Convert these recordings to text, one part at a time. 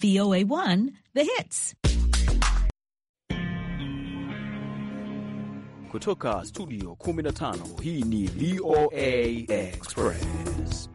VOA1 The Hits. Kutoka studio 15 hii ni VOA Express.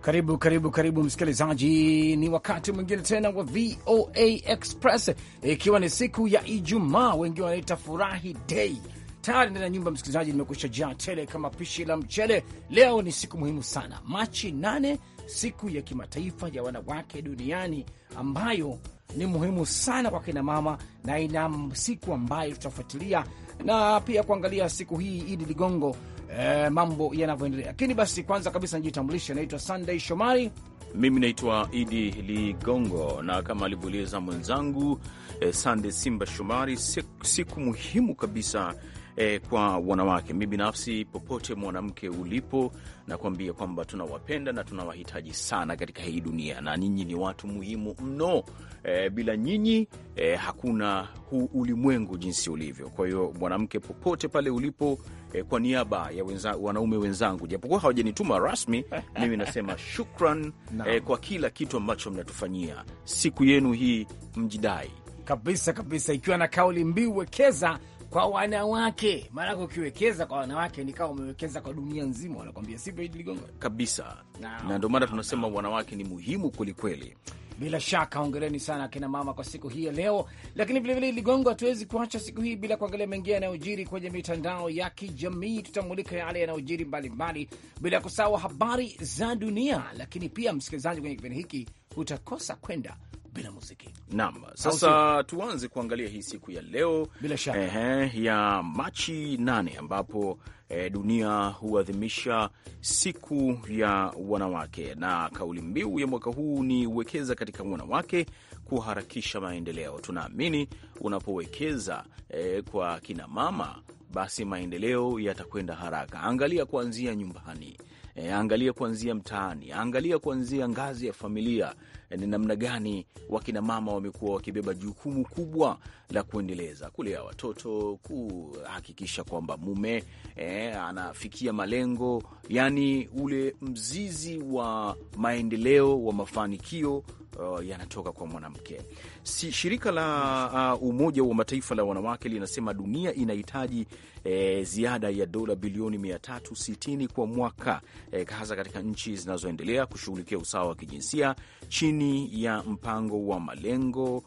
Karibu karibu karibu msikilizaji, ni wakati mwingine tena wa VOA Express, ikiwa ni siku ya Ijumaa, wengi wanaita furahi day tayari ndani ya nyumba msikilizaji, nimekusha jaa tele kama pishi la mchele. Leo ni siku muhimu sana, Machi nane, siku ya kimataifa ya wanawake duniani ambayo ni muhimu sana kwa mama na ina siku ambayo tutafuatilia na pia kuangalia siku hii Idi Ligongo, eh, mambo yanavyoendelea. Lakini basi kwanza kabisa nijitambulishe, naitwa Sunday Shomari. Mimi naitwa Idi Ligongo, na kama alivyoeleza mwenzangu eh, Sande Simba Shomari, siku, siku muhimu kabisa eh, kwa wanawake. Mi binafsi, popote mwanamke ulipo, nakuambia kwamba tunawapenda na tunawahitaji sana katika hii dunia, na ninyi ni watu muhimu mno. Eh, bila nyinyi eh, hakuna huu ulimwengu jinsi ulivyo. Kwa hiyo mwanamke, popote pale ulipo eh, kwa niaba ya wenza, wanaume wenzangu, japokuwa hawajanituma rasmi, mimi nasema shukran eh, kwa kila kitu ambacho mnatufanyia. Siku yenu hii mjidai kabisa kabisa, ikiwa na kauli mbiu wekeza kwa wanawake, maanake ukiwekeza kwa wanawake ni kama umewekeza kwa dunia nzima, wanakwambia sivyo, Idi Ligongo? Kabisa, na ndio maana tunasema wanawake ni muhimu kwelikweli. Bila shaka ongereni sana akina mama kwa siku hii ya leo. Lakini vilevile Ligongo, hatuwezi kuacha siku hii bila kuangalia mengine yanayojiri kwenye mitandao ya kijamii. Tutamulika yale yanayojiri mbalimbali, bila kusahau habari za dunia. Lakini pia msikilizaji, kwenye kipindi hiki utakosa kwenda bila muziki. Naam, sasa tuanze kuangalia hii siku ya leo, bila shaka ehe, ya Machi nane ambapo e, dunia huadhimisha siku ya wanawake, na kauli mbiu ya mwaka huu ni uwekeza katika wanawake kuharakisha maendeleo. Tunaamini unapowekeza e, kwa kinamama basi maendeleo yatakwenda haraka. Angalia kuanzia nyumbani, e, angalia kuanzia mtaani, angalia kuanzia ngazi ya familia ni namna gani wakinamama wamekuwa wakibeba jukumu kubwa la kuendeleza kulea watoto, kuhakikisha kwamba mume eh, anafikia malengo, yani ule mzizi wa maendeleo wa mafanikio uh, yanatoka kwa mwanamke. Si shirika la uh, Umoja wa Mataifa la wanawake linasema dunia inahitaji eh, ziada ya dola bilioni 360 kwa mwaka eh, hasa katika nchi zinazoendelea kushughulikia usawa wa kijinsia chini chini ya mpango wa malengo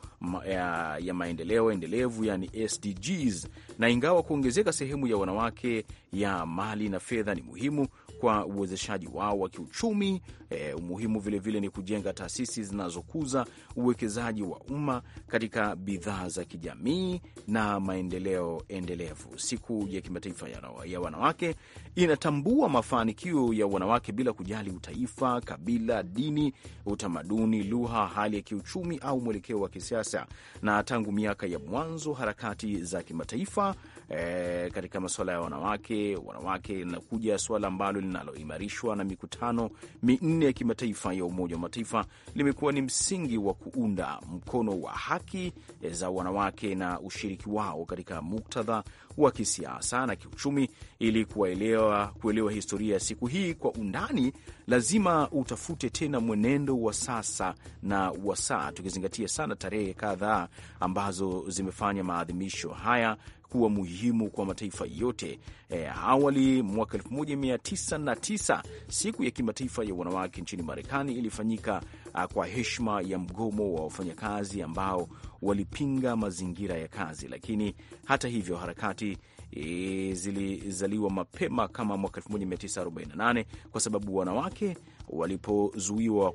ya, ya maendeleo endelevu yani SDGs, na ingawa kuongezeka sehemu ya wanawake ya mali na fedha ni muhimu kwa uwezeshaji wao wa kiuchumi. E, umuhimu vilevile vile ni kujenga taasisi zinazokuza uwekezaji wa umma katika bidhaa za kijamii na maendeleo endelevu. Siku ya Kimataifa ya Wanawake inatambua mafanikio ya wanawake bila kujali utaifa, kabila, dini, utamaduni, lugha, hali ya kiuchumi au mwelekeo wa kisiasa. Na tangu miaka ya mwanzo harakati za kimataifa e, katika masuala ya wanawake wanawake, linakuja suala ambalo linaloimarishwa na mikutano minne ya kimataifa ya Umoja wa Mataifa, limekuwa ni msingi wa kuunda mkono wa haki za wanawake na ushiriki wao katika muktadha wa kisiasa na kiuchumi. Ili kuelewa, kuelewa historia ya siku hii kwa undani, lazima utafute tena mwenendo wa sasa na wa saa, tukizingatia sana tarehe kadhaa ambazo zimefanya maadhimisho haya kuwa muhimu kwa mataifa yote. E, awali mwaka 1999 siku ya kimataifa ya wanawake nchini Marekani ilifanyika a, ah, kwa heshima ya mgomo wa wafanyakazi ambao walipinga mazingira ya kazi, lakini hata hivyo harakati e, zilizaliwa mapema kama mwaka 1948 kwa sababu wanawake walipozuiwa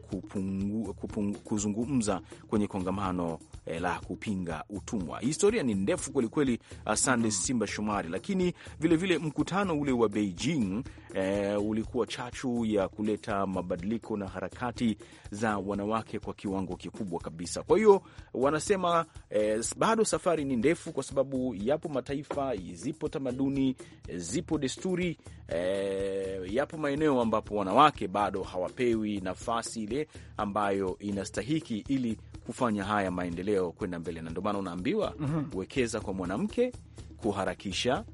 kuzungumza kwenye kongamano eh, la kupinga utumwa. Historia ni ndefu kwelikweli, asante uh, mm. Simba Shomari. Lakini vilevile vile mkutano ule wa Beijing eh, ulikuwa chachu ya kuleta mabadiliko na harakati za wanawake kwa kiwango kikubwa kabisa. Kwa hiyo wanasema eh, bado safari ni ndefu, kwa sababu yapo mataifa, zipo tamaduni, zipo desturi eh, yapo maeneo ambapo wanawake bado hawa hawapewi nafasi ile ambayo inastahiki ili kufanya haya maendeleo kwenda mbele, na ndio maana unaambiwa mm -hmm. wekeza kwa mwanamke kuharakisha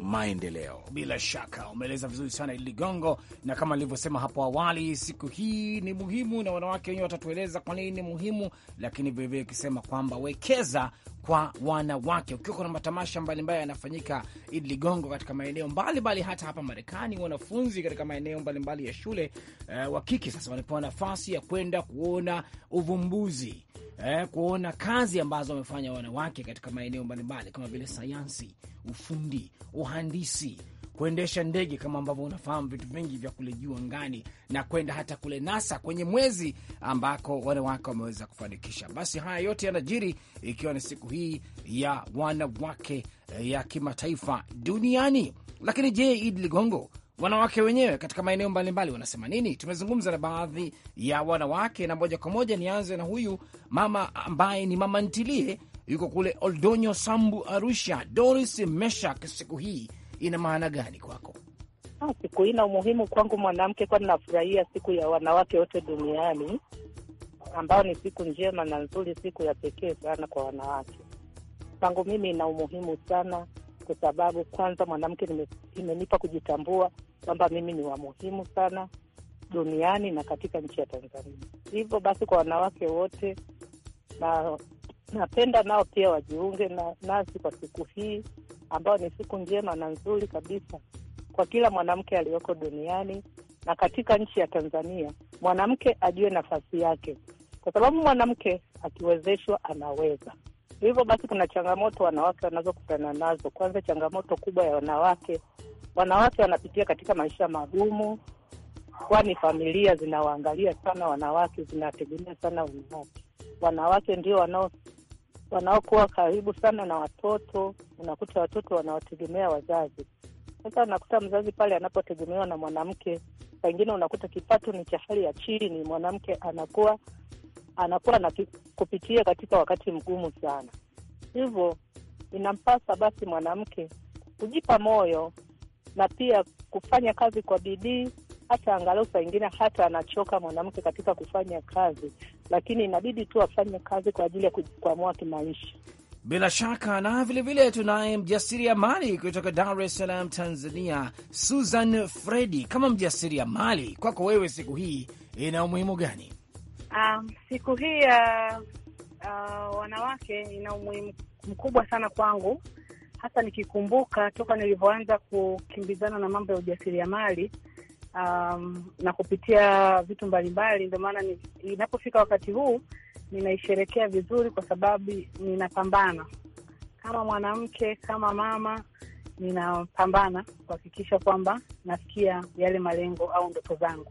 maendeleo. Bila shaka umeeleza vizuri sana ili Ligongo, na kama nilivyosema hapo awali, siku hii ni muhimu na wanawake wenyewe watatueleza kwa nini ni muhimu, lakini vilevile ukisema kwamba wekeza kwa wanawake, ukiwa kuna matamasha mbalimbali yanafanyika Idi Ligongo katika maeneo mbalimbali, hata hapa Marekani. Wanafunzi katika maeneo mbalimbali ya shule eh, wa kike sasa wanapewa nafasi ya kwenda kuona uvumbuzi eh, kuona kazi ambazo wamefanya wanawake katika maeneo mbalimbali kama vile sayansi, ufundi, uhandisi kuendesha ndege kama ambavyo unafahamu vitu vingi vya kule juu angani na kwenda hata kule NASA kwenye mwezi ambako wanawake wameweza kufanikisha. Basi haya yote yanajiri ikiwa ni siku hii ya wanawake eh, ya kimataifa duniani. Lakini je, Idi Ligongo, wanawake wenyewe katika maeneo mbalimbali wanasema nini? Tumezungumza na baadhi ya wanawake, na moja kwa moja nianze na huyu mama ambaye ni mama ntilie, yuko kule Oldonyo Sambu, Arusha, Doris Meshak. Siku hii ina maana gani kwako? Ha, ah, siku hii ina umuhimu kwangu mwanamke, kwani nafurahia siku ya wanawake wote duniani, ambao ni siku njema na nzuri, siku ya pekee sana kwa wanawake. Kwangu mimi ina umuhimu sana, kwa sababu kwanza mwanamke imenipa kujitambua kwamba mimi ni wa muhimu sana duniani na katika nchi ya Tanzania. Hivyo basi kwa wanawake wote na napenda nao pia wajiunge na nasi kwa siku hii ambayo ni siku njema na nzuri kabisa kwa kila mwanamke aliyoko duniani na katika nchi ya Tanzania, mwanamke ajue nafasi yake, kwa sababu mwanamke akiwezeshwa anaweza. Hivyo basi, kuna changamoto wanawake wanazokutana nazo. Kwanza, changamoto kubwa ya wanawake, wanawake wanapitia katika maisha magumu, kwani familia zinawaangalia sana wanawake, zinawategemea sana wanawake. Wanawake ndio wanao wanaokuwa karibu sana na watoto, unakuta watoto wanawategemea wazazi. Sasa unakuta mzazi pale anapotegemewa na mwanamke, pengine unakuta kipato ni cha hali ya chini, mwanamke anakuwa anakuwa na kupitia katika wakati mgumu sana. Hivyo inampasa basi mwanamke kujipa moyo na pia kufanya kazi kwa bidii hata angalau saa ingine hata anachoka mwanamke katika kufanya kazi, lakini inabidi tu afanye kazi kwa ajili ya kujikwamua kimaisha. Bila shaka na vilevile tunaye mali kutoka Dar es Salaam, Tanzania, Susan Fredi. Kama mali kwako wewe siku hii ina umuhimu gani? Um, siku hii ya uh, uh, wanawake ina umuhimu mkubwa sana kwangu, hasa nikikumbuka toka nilivyoanza kukimbizana na mambo ya mali um, na kupitia vitu mbalimbali. Ndio maana inapofika wakati huu ninaisherekea vizuri, kwa sababu ninapambana kama mwanamke, kama mama, ninapambana kuhakikisha kwamba nafikia yale malengo au ndoto zangu.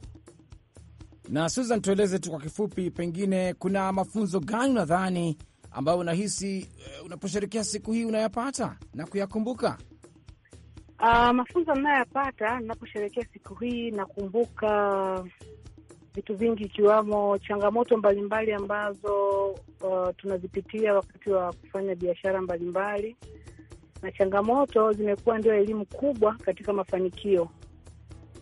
Na Susan, tueleze tu kwa kifupi, pengine kuna mafunzo gani unadhani ambayo unahisi eh, unaposherekea siku hii unayapata na kuyakumbuka? Uh, mafunzo ninayoyapata ninaposherehekea siku hii, nakumbuka vitu vingi ikiwamo changamoto mbalimbali mbali ambazo uh, tunazipitia wakati wa kufanya biashara mbalimbali, na changamoto zimekuwa ndio elimu kubwa katika mafanikio,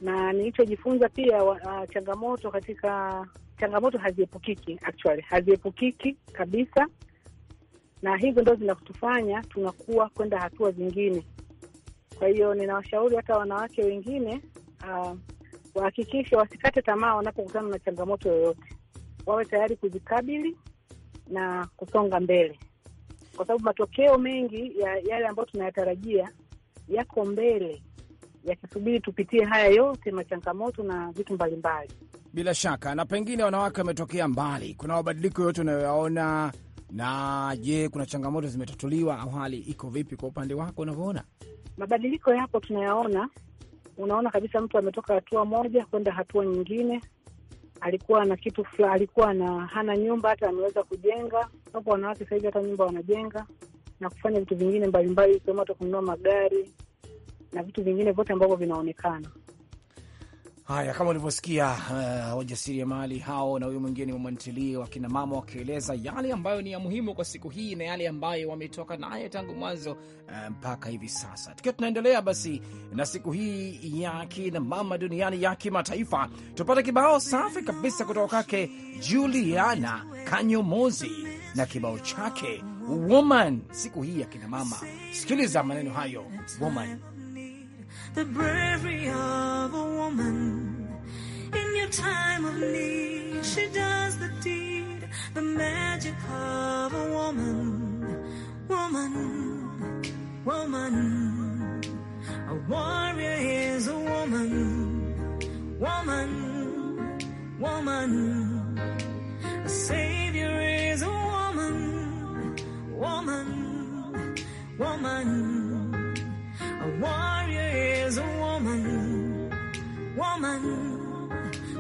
na nilichojifunza pia uh, changamoto katika changamoto haziepukiki, actually haziepukiki kabisa, na hizo ndo zinatufanya tunakuwa kwenda hatua zingine kwa hiyo ninawashauri hata wanawake wengine uh, wahakikishe wasikate tamaa wanapokutana na changamoto yoyote, wawe tayari kujikabili na kusonga mbele, kwa sababu matokeo mengi ya yale ambayo tunayatarajia yako mbele yakisubiri tupitie haya yote machangamoto na vitu mbalimbali. Bila shaka, na pengine wanawake wametokea mbali, kuna mabadiliko yote unayoyaona na je, kuna changamoto zimetatuliwa au hali iko vipi kwa upande wako unavyoona? Mabadiliko yapo, tunayaona. Unaona kabisa mtu ametoka hatua moja kwenda hatua nyingine. Alikuwa na kitu fula, alikuwa na hana nyumba, hata ameweza kujenga. Wapo wanawake sahizi hata nyumba wanajenga na kufanya vitu vingine mbalimbali, ikiwemo hata kununua magari na vitu vingine vyote ambavyo vinaonekana. Haya, kama ulivyosikia uh, mali hao na huyu mwingine Mwantilie, wakina mama wakieleza yale ambayo ni ya muhimu kwa siku hii na yale ambayo wametoka naye tangu mwanzo uh, mpaka hivi sasa. Tukiwa tunaendelea basi na siku hii ya kina mama duniani ya kimataifa, tupate kibao safi kabisa kutoka kwake Juliana Kanyomozi na kibao chake Woman, siku hii ya kina mama. Sikiliza maneno hayo, Woman. the bravery of a woman. In your time of need, she does the deed, the magic of a woman. Woman, woman, a warrior is a woman. Woman, woman, a savior is a woman. Woman, woman.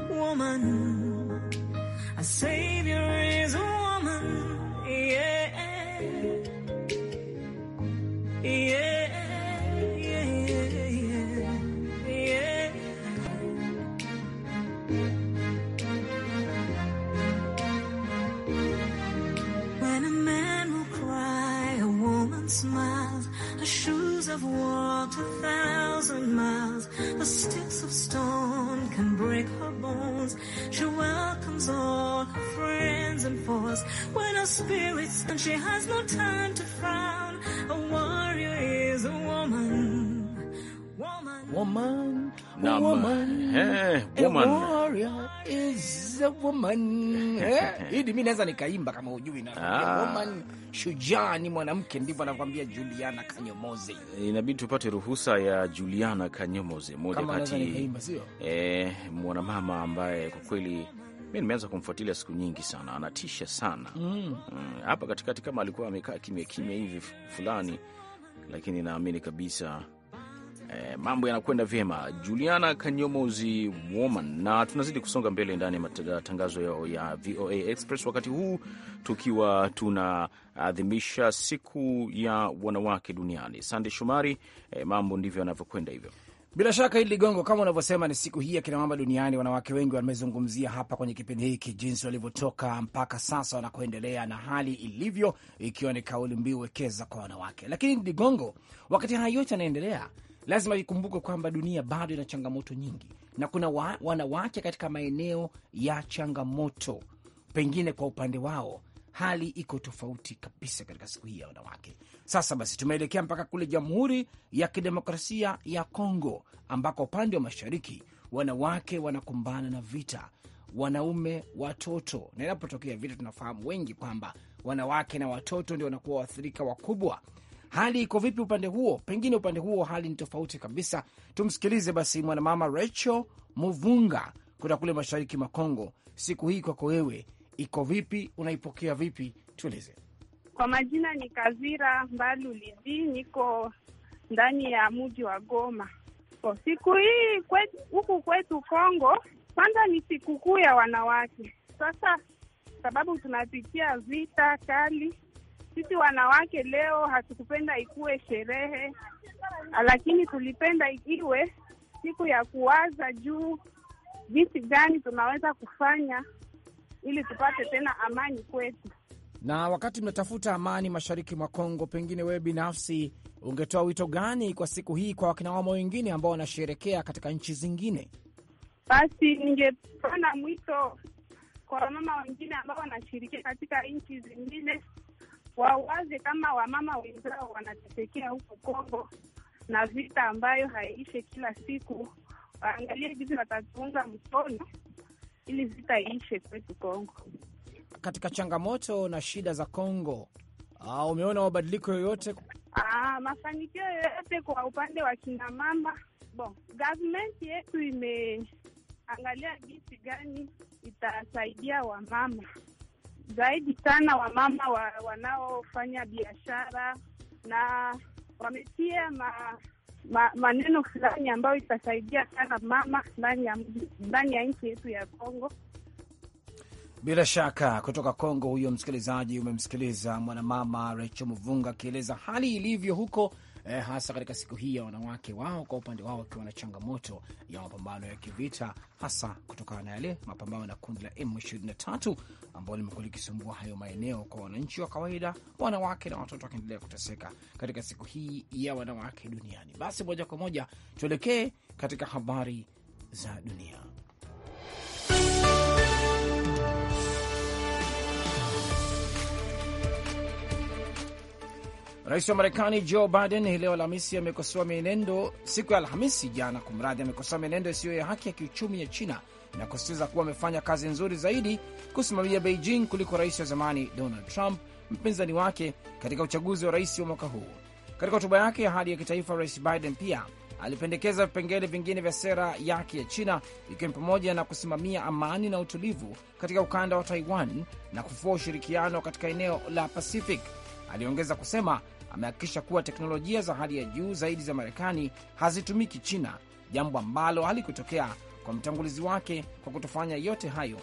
woman, a savior is a woman. calls when her spirit's and she has no time to frown. A warrior is a woman. Woman. Woman. Nam. Woman. Hey, woman. A warrior is a woman. Hey, Hii mimi naweza nikaimba kama hujui na ah. Woman shujaa ni mwanamke, ndivyo anakuambia Juliana Kanyomoze. Inabidi tupate ruhusa ya Juliana Kanyomoze, moja kati eh, mwanamama ambaye kwa kweli mi nimeanza kumfuatilia siku nyingi sana, anatisha sana mm. Mm, hapa mm. katikati kama alikuwa amekaa kimya kimya hivi fulani, lakini naamini kabisa eh, mambo yanakwenda vyema. Juliana Kanyomozi woman, na tunazidi kusonga mbele ndani ya matangazo yao ya VOA Express, wakati huu tukiwa tunaadhimisha siku ya wanawake duniani. Sande Shumari, eh, mambo ndivyo yanavyokwenda hivyo. Bila shaka hili ligongo, kama unavyosema, ni siku hii ya kinamama duniani. Wanawake wengi wamezungumzia hapa kwenye kipindi hiki jinsi walivyotoka mpaka sasa wanakoendelea na hali ilivyo, ikiwa ni kauli mbiu wekeza kwa wanawake. Lakini ligongo, wakati haya yote yanaendelea, lazima ikumbuke kwamba dunia bado ina changamoto nyingi, na kuna wa, wanawake katika maeneo ya changamoto, pengine kwa upande wao hali iko tofauti kabisa katika siku hii ya wanawake. Sasa basi, tumeelekea mpaka kule Jamhuri ya Kidemokrasia ya Kongo, ambako upande wa mashariki wanawake wanakumbana na vita, wanaume, watoto. Na inapotokea vita, tunafahamu wengi kwamba wanawake na watoto ndio wanakuwa waathirika wakubwa. Hali iko vipi upande huo? Pengine upande huo hali ni tofauti kabisa. Tumsikilize basi mwanamama Rachel Muvunga kutoka kule mashariki mwa Kongo. Siku hii kwako wewe iko vipi, unaipokea vipi? Tueleze. Kwa majina ni Kazira Mbalu Lidi, niko ndani ya mji wa Goma. So, siku hii huku kwetu Kongo kwanza ni sikukuu ya wanawake. Sasa sababu tunapitia vita kali, sisi wanawake leo hatukupenda ikuwe sherehe, lakini tulipenda iwe siku ya kuwaza juu jinsi gani tunaweza kufanya ili tupate tena amani kwetu. Na wakati mnatafuta amani mashariki mwa Kongo, pengine wewe binafsi ungetoa wito gani kwa siku hii kwa wakinamama wengine ambao wanasherekea katika nchi zingine? Basi ningepana mwito kwa wamama wengine ambao wanashirikia katika nchi zingine wawaze kama wamama wenzao wanatetekea huko Kongo na vita ambayo haiishe kila siku, waangalie jinsi watatuunga mkono ili zitaishe kwetu Kongo. Katika changamoto na shida za Kongo, ah, umeona mabadiliko yoyote? Aa, ah, mafanikio yoyote kwa upande wa kina mama? Bon, government yetu imeangalia jinsi gani itasaidia wamama zaidi sana wamama wa, wanaofanya biashara na wametia ma, maneno fulani ambayo itasaidia sana mama ndani ya nchi yetu ya Kongo. Bila shaka kutoka Kongo, huyo msikilizaji, umemsikiliza mwanamama Rachel Mvunga akieleza hali ilivyo huko eh, hasa katika siku hii ya wanawake wao kwa upande wao wakiwa na changamoto ya mapambano ya kivita, hasa kutokana na yale mapambano na kundi la M23 ambao limekuwa likisumbua hayo maeneo kwa wananchi wa kawaida, wanawake na watoto wakiendelea kuteseka katika siku hii ya wanawake duniani. Basi moja kwa moja tuelekee katika habari za dunia. Rais wa Marekani Joe Biden hii leo Alhamisi amekosoa mienendo siku ya Alhamisi jana, kumradhi, amekosoa mienendo isiyo ya haki ya kiuchumi ya China na kusisitiza kuwa amefanya kazi nzuri zaidi kusimamia Beijing kuliko rais wa zamani Donald Trump, mpinzani wake katika uchaguzi wa rais wa mwaka huu. Katika hotuba yake ya hadi ya kitaifa, Rais Biden pia alipendekeza vipengele vingine vya sera yake ya China, ikiwa ni pamoja na kusimamia amani na utulivu katika ukanda wa Taiwan na kufua ushirikiano katika eneo la Pacific. Aliongeza kusema amehakikisha kuwa teknolojia za hali ya juu zaidi za Marekani hazitumiki China, jambo ambalo halikutokea kwa mtangulizi wake kwa kutofanya yote hayo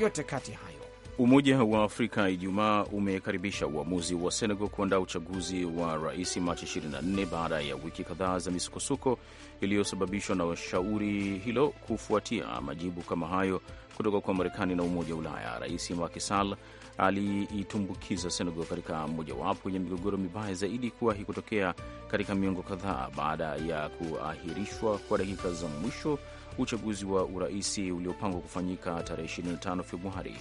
yote kati hayo. Umoja wa Afrika Ijumaa umekaribisha uamuzi wa Senegal kuandaa uchaguzi wa rais Machi 24 baada ya wiki kadhaa za misukosuko iliyosababishwa na shauri hilo kufuatia majibu kama hayo kutoka kwa Marekani na Umoja wa Ulaya. Rais Macky Sall aliitumbukiza Senegal katika mojawapo ya migogoro mibaya zaidi kuwahi kutokea katika miongo kadhaa baada ya kuahirishwa kwa dakika za mwisho uchaguzi wa uraisi uliopangwa kufanyika tarehe 25 Februari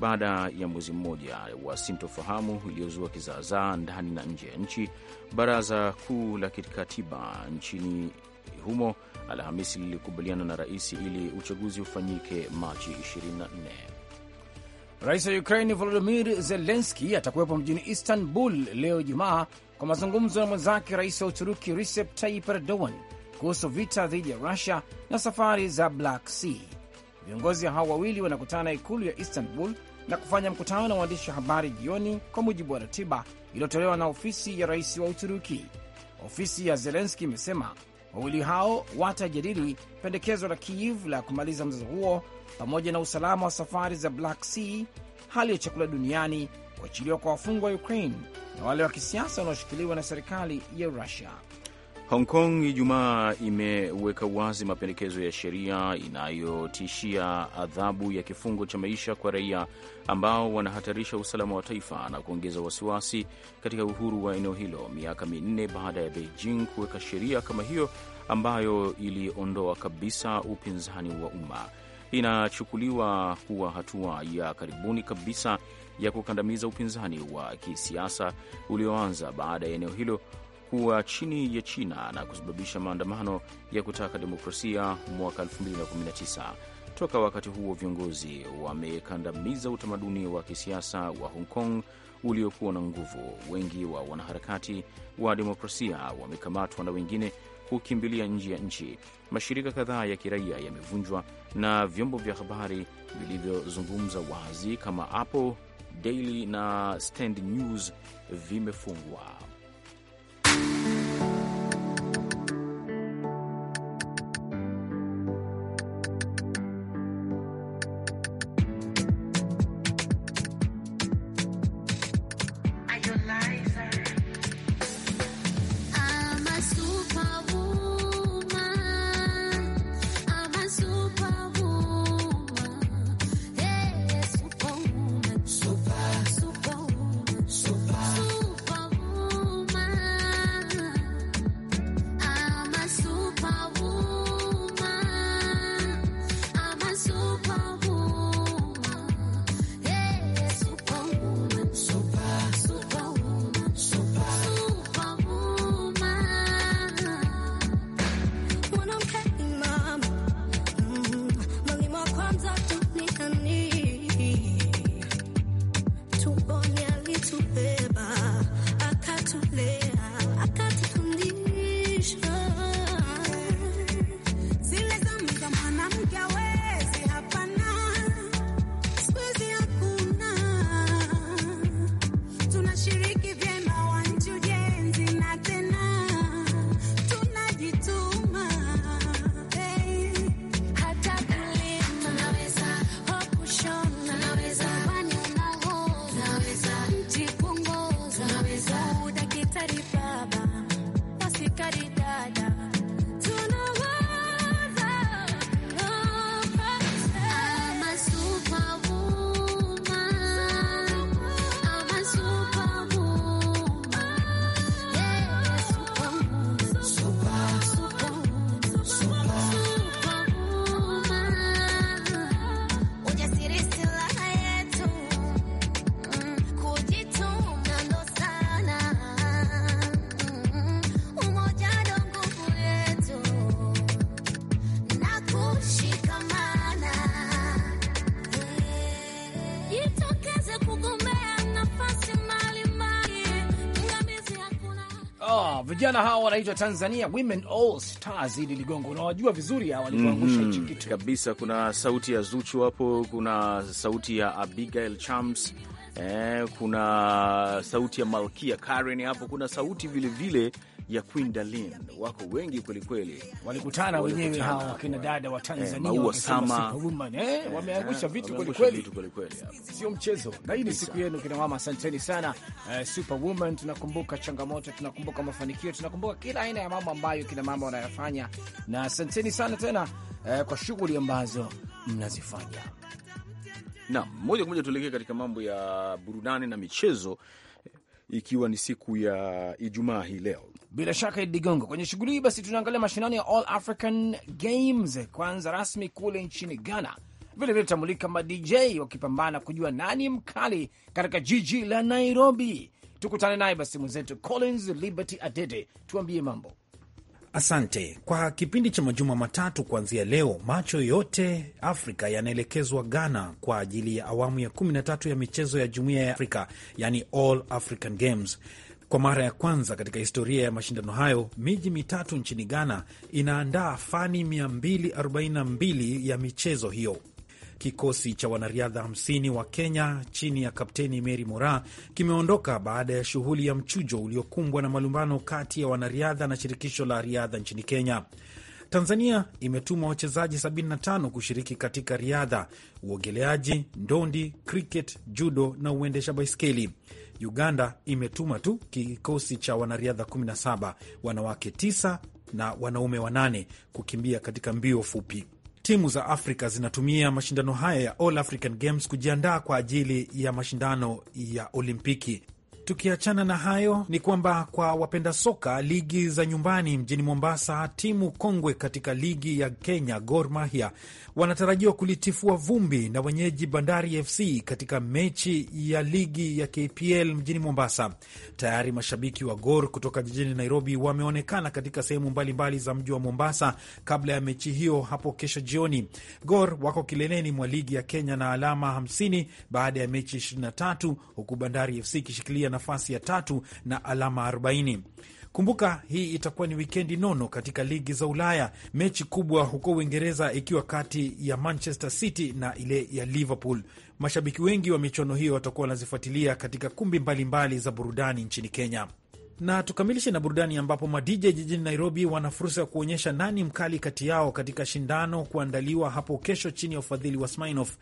baada ya mwezi mmoja wa sintofahamu iliyozua kizaazaa ndani na nje ya nchi. Baraza kuu la kikatiba nchini humo Alhamisi lilikubaliana na rais ili uchaguzi ufanyike Machi 24. Rais wa Ukraini Volodimir Zelenski atakuwepo mjini Istanbul leo Jumaa kwa mazungumzo na mwenzake rais wa Uturuki Recep Tayyip Erdogan kuhusu vita dhidi ya Rusia na safari za Black Sea. Viongozi hao wawili wanakutana ikulu ya Istanbul na kufanya mkutano na waandishi wa habari jioni, kwa mujibu wa ratiba iliyotolewa na ofisi ya rais wa Uturuki. Ofisi ya Zelenski imesema wawili hao watajadili pendekezo la Kiev la kumaliza mzozo huo pamoja na usalama wa safari za Black Sea, hali ya chakula duniani, kuachiliwa kwa wafungwa wa Ukraine na wale wa kisiasa wanaoshikiliwa na serikali ya Rusia. Hong Kong Ijumaa imeweka wazi mapendekezo ya sheria inayotishia adhabu ya kifungo cha maisha kwa raia ambao wanahatarisha usalama wa taifa na kuongeza wasiwasi katika uhuru wa eneo hilo, miaka minne baada ya Beijing kuweka sheria kama hiyo ambayo iliondoa kabisa upinzani wa umma inachukuliwa kuwa hatua ya karibuni kabisa ya kukandamiza upinzani wa kisiasa ulioanza baada ya eneo hilo kuwa chini ya China na kusababisha maandamano ya kutaka demokrasia mwaka 2019. Toka wakati huo viongozi wamekandamiza utamaduni wa kisiasa wa Hong Kong uliokuwa na nguvu. Wengi wa wanaharakati wa demokrasia wamekamatwa na wengine kukimbilia nje ya nchi. Mashirika kadhaa ya kiraia yamevunjwa na vyombo vya habari vilivyozungumza wazi kama Apple Daily na Stand News vimefungwa. vijana hawa wanaitwa Tanzania Women All Stars. ili ligongo unawajua vizuri hawa walikuangusha mhm. mm -hmm. hichi kitu kabisa. Kuna sauti ya Zuchu hapo, kuna sauti ya Abigail Chams eh, kuna sauti ya Malkia Karen hapo, kuna sauti vilevile vile ya Kwindalin wako wengi kwelikweli, walikutana wenyewe hawa wakina dada wa eh, Tanzania eh, eh, wameangusha vitu kwelikweli, sio mchezo. Na hii ni siku yenu kina mama, asanteni sana eh, Superwoman. Tunakumbuka changamoto, tunakumbuka mafanikio, tunakumbuka kila aina ya mambo ambayo kina mama wanayofanya, na asanteni sana tena eh, kwa shughuli ambazo mnazifanya. Naam, moja kwa moja tuelekee katika mambo ya burudani na michezo ikiwa ni siku ya Ijumaa hii leo. Bila shaka Idi kwenye shughuli hii basi tunaangalia mashindano ya All African Games kwanza rasmi kule nchini Ghana. Vilevile tutamulika ma DJ wakipambana kujua nani mkali katika jiji la Nairobi. Tukutane naye basi mwenzetu Collins Liberty Adede, tuambie mambo Asante kwa kipindi cha majuma matatu kuanzia leo, macho yote Afrika yanaelekezwa Ghana kwa ajili ya awamu ya 13 ya michezo ya jumuiya ya Afrika, yani All African Games. Kwa mara ya kwanza katika historia ya mashindano hayo, miji mitatu nchini Ghana inaandaa fani 242 ya michezo hiyo. Kikosi cha wanariadha 50 wa Kenya chini ya Kapteni Mary mora kimeondoka baada ya shughuli ya mchujo uliokumbwa na malumbano kati ya wanariadha na shirikisho la riadha nchini Kenya. Tanzania imetuma wachezaji 75 kushiriki katika riadha, uogeleaji, ndondi, cricket, judo na uendesha baiskeli. Uganda imetuma tu kikosi cha wanariadha 17, wanawake 9 na wanaume wanane kukimbia katika mbio fupi. Timu za Afrika zinatumia mashindano haya ya All African Games kujiandaa kwa ajili ya mashindano ya Olimpiki. Tukiachana na hayo ni kwamba kwa wapenda soka ligi za nyumbani mjini Mombasa, timu kongwe katika ligi ya Kenya Gor Mahia wanatarajiwa kulitifua vumbi na wenyeji Bandari FC katika mechi ya ligi ya KPL mjini Mombasa. Tayari mashabiki wa Gor kutoka jijini Nairobi wameonekana katika sehemu mbalimbali za mji wa Mombasa kabla ya mechi hiyo hapo kesho jioni. Gor wako kileleni mwa ligi ya Kenya na alama 50 baada ya mechi 23 huku Bandari FC ikishikilia nafasi ya tatu na alama 40. Kumbuka hii itakuwa ni wikendi nono katika ligi za Ulaya, mechi kubwa huko Uingereza ikiwa kati ya Manchester City na ile ya Liverpool. Mashabiki wengi wa michuano hiyo watakuwa wanazifuatilia katika kumbi mbalimbali mbali za burudani nchini Kenya na tukamilishe na burudani ambapo madj jijini Nairobi wana fursa ya kuonyesha nani mkali kati yao katika shindano kuandaliwa hapo kesho chini ya ufadhili wa Smirnoff.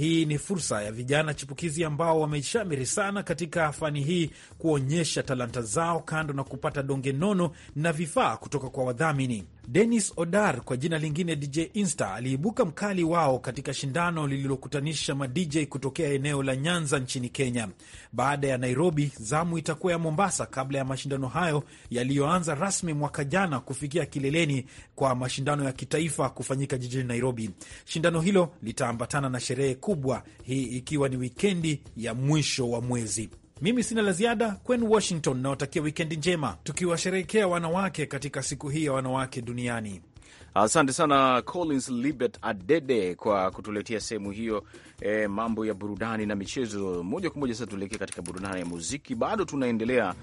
Hii ni fursa ya vijana chipukizi ambao wameshamiri sana katika fani hii kuonyesha talanta zao, kando na kupata donge nono na vifaa kutoka kwa wadhamini. Dennis Odar kwa jina lingine DJ Insta aliibuka mkali wao katika shindano lililokutanisha madj kutokea eneo la Nyanza nchini Kenya. Baada ya Nairobi, zamu itakuwa ya Mombasa kabla ya mashindano hayo yaliyoanza rasmi mwaka jana kufikia kileleni kwa mashindano ya kitaifa kufanyika jijini Nairobi. Shindano hilo litaambatana na sherehe kubwa, hii ikiwa ni wikendi ya mwisho wa mwezi. Mimi sina la ziada kwenu Washington, nawatakia wikendi njema, tukiwasherehekea wanawake katika siku hii ya wanawake duniani. Asante sana Collins Libet Adede kwa kutuletea sehemu hiyo, e, mambo ya burudani na michezo. Moja kwa moja sasa tuelekee katika burudani ya muziki. Bado tunaendelea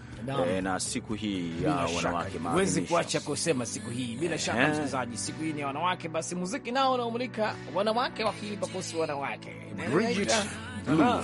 e, na siku hii ya wanawake, huwezi kuacha kusema siku hii bila eh. shaka msikilizaji, yeah. Siku hii ni ya wanawake, basi muziki nao unaomulika wanawake, wakilipa kuhusu wanawake Bridget Blue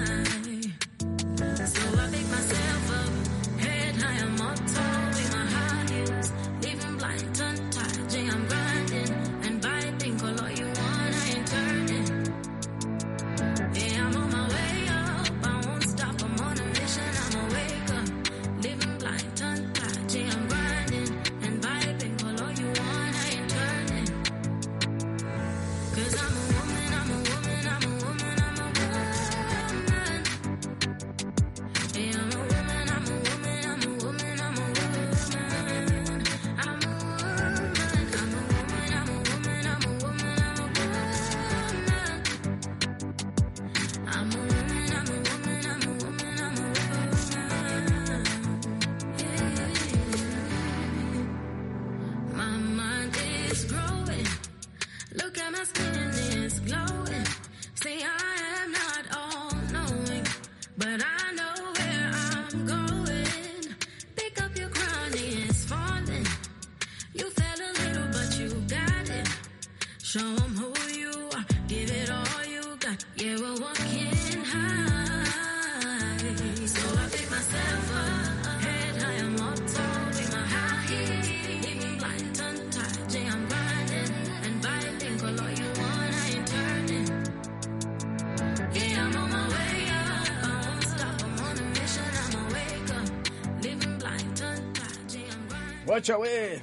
wacha we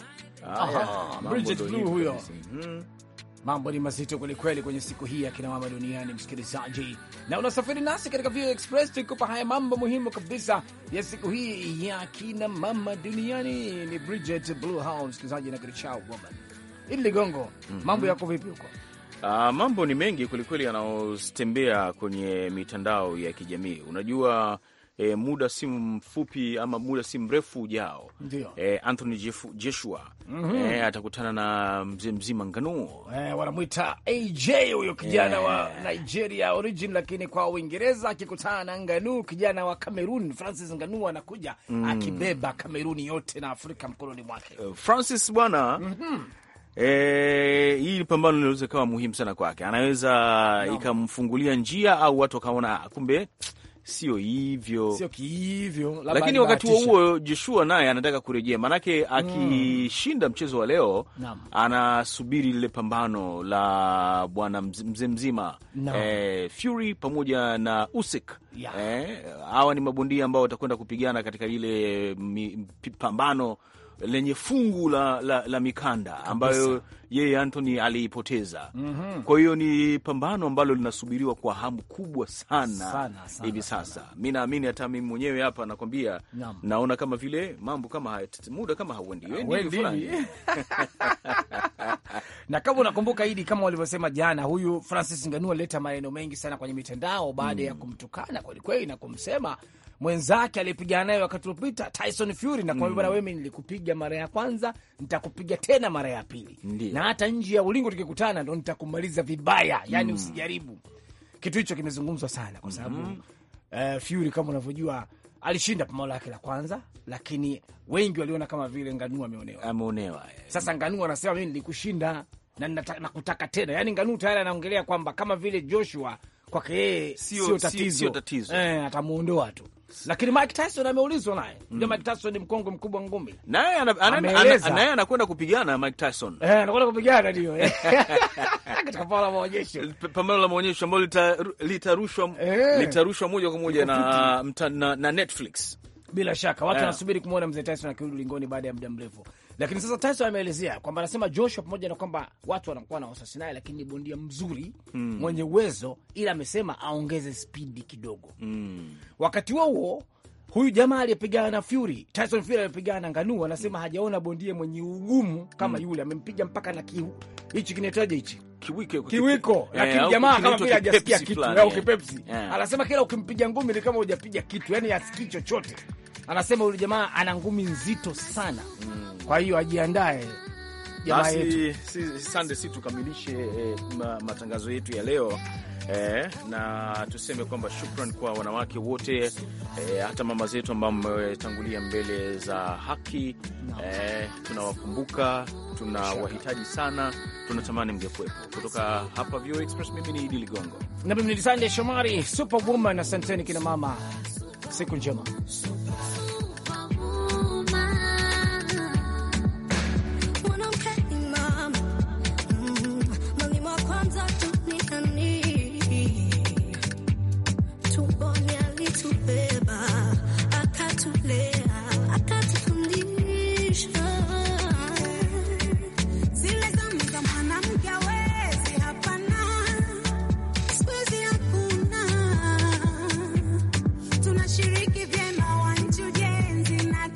Bridget Blue huyo. Hmm. Mambo ni mazito kwelikweli kwenye siku hii ya kina mama duniani, msikilizaji, na unasafiri nasi katika Vio Express, tukupa haya mambo muhimu kabisa ya siku hii ya kina mama duniani. Ni Bridget Blue hao, msikilizaji, na Grichao Woman ili ligongo. Mhm. Mambo yako vipi huko? Uh, mambo ni mengi kwelikweli yanayotembea kwenye mitandao ya kijamii unajua e, muda si mfupi ama muda si mrefu ujao e, Anthony Joshua mm -hmm. e, atakutana na mzee mzima Nganu e, wanamwita AJ huyo kijana e. wa Nigeria origin lakini kwa Uingereza, akikutana na Nganu kijana wa Cameroon. Francis Nganu anakuja mm. akibeba Cameroon yote na Afrika mkononi mwake e, Francis bwana mm -hmm. E, hii pambano inaweza ikawa muhimu sana kwake, anaweza no. ikamfungulia njia au watu wakaona kumbe sio hivyo, sio kihivyo. Lakini wakati huo Joshua naye anataka kurejea, maanake akishinda mm. mchezo wa leo anasubiri lile pambano la bwana mzee mzima eh, Fury pamoja na Usyk eh, hawa eh, ni mabondia ambao watakwenda kupigana katika ile pambano lenye fungu la, la, la mikanda ambayo yeye Anthony aliipoteza. mm -hmm. Kwa hiyo ni pambano ambalo linasubiriwa kwa hamu kubwa sana hivi sasa. Mi naamini hata mimi mwenyewe hapa nakwambia, naona kama vile mambo kama haya, muda kama hauendi na kama unakumbuka hidi, kama walivyosema jana, huyu Francis Ngannou alileta maneno mengi sana kwenye mitandao baada mm. ya kumtukana kwelikweli na kumsema mwenzake aliyepigana naye wakati uliopita Tyson Fury na kwambia bwana, mm. wewe nilikupiga mara ya kwanza, nitakupiga tena mara ya pili Ndiye. na hata nje ya ulingo tukikutana ndo nitakumaliza vibaya, yani mm. usijaribu. Kitu hicho kimezungumzwa sana kwa sababu mm. uh, Fury kama unavyojua alishinda pambano lake la kwanza, lakini wengi waliona kama vile Ngannou ameonewa, ameonewa. Eh. Sasa Ngannou anasema mimi nilikushinda na nakutaka tena, yani Ngannou tayari anaongelea kwamba kama vile Joshua kwake yeye sio tatizo, tatizo. Eh, atamuondoa tu lakini Mike Tyson ameulizwa naye mm. Mike Tyson ni mkongwe mkubwa ngumi, naye naye anakwenda kupigana Mike Tyson eh, anakwenda kupigana ndio eh. katika pambano la maonyesho, pambano la maonyesho ambalo litarushwa eh. litarushwa moja kwa moja na, na, na Netflix bila shaka watu eh. wanasubiri yeah, kumwona mzee Tyson akirudi lingoni baada ya muda mrefu. Lakini sasa Tyson ameelezea kwamba anasema Joshua pamoja na kwamba watu wanakuwa na wasiwasi naye, lakini ni bondia mzuri mm. mwenye uwezo, ila amesema aongeze spidi kidogo mm. wakati huo huo huyu jamaa aliyepigana na Fury, Tyson Fury aliyepigana na Ngannou anasema mm. hajaona bondia mwenye ugumu kama mm. yule, amempiga mpaka na kiu hichi kinaitaje hichi kiwiko, kiwiko. Eh, lakini jamaa kama vile hajasikia kitu au kipepsi anasema kila ukimpiga ngumi ni kama hujapiga kitu, yani asikii chochote anasema yule jamaa ana ngumi nzito sana mm. Kwa hiyo ajiandae jamaa Si, sande si tukamilishe eh, matangazo yetu ya leo eh, na tuseme kwamba shukran kwa wanawake wote eh, hata mama zetu ambao mmetangulia mbele za haki no. eh, tunawakumbuka tunawahitaji sana, tunatamani mngekuwepo. Kutoka hapa VOA Express, mimi ni Idi Ligongo na mimi ni Sande Shomari Superwoman. Asanteni kina mama, siku njema.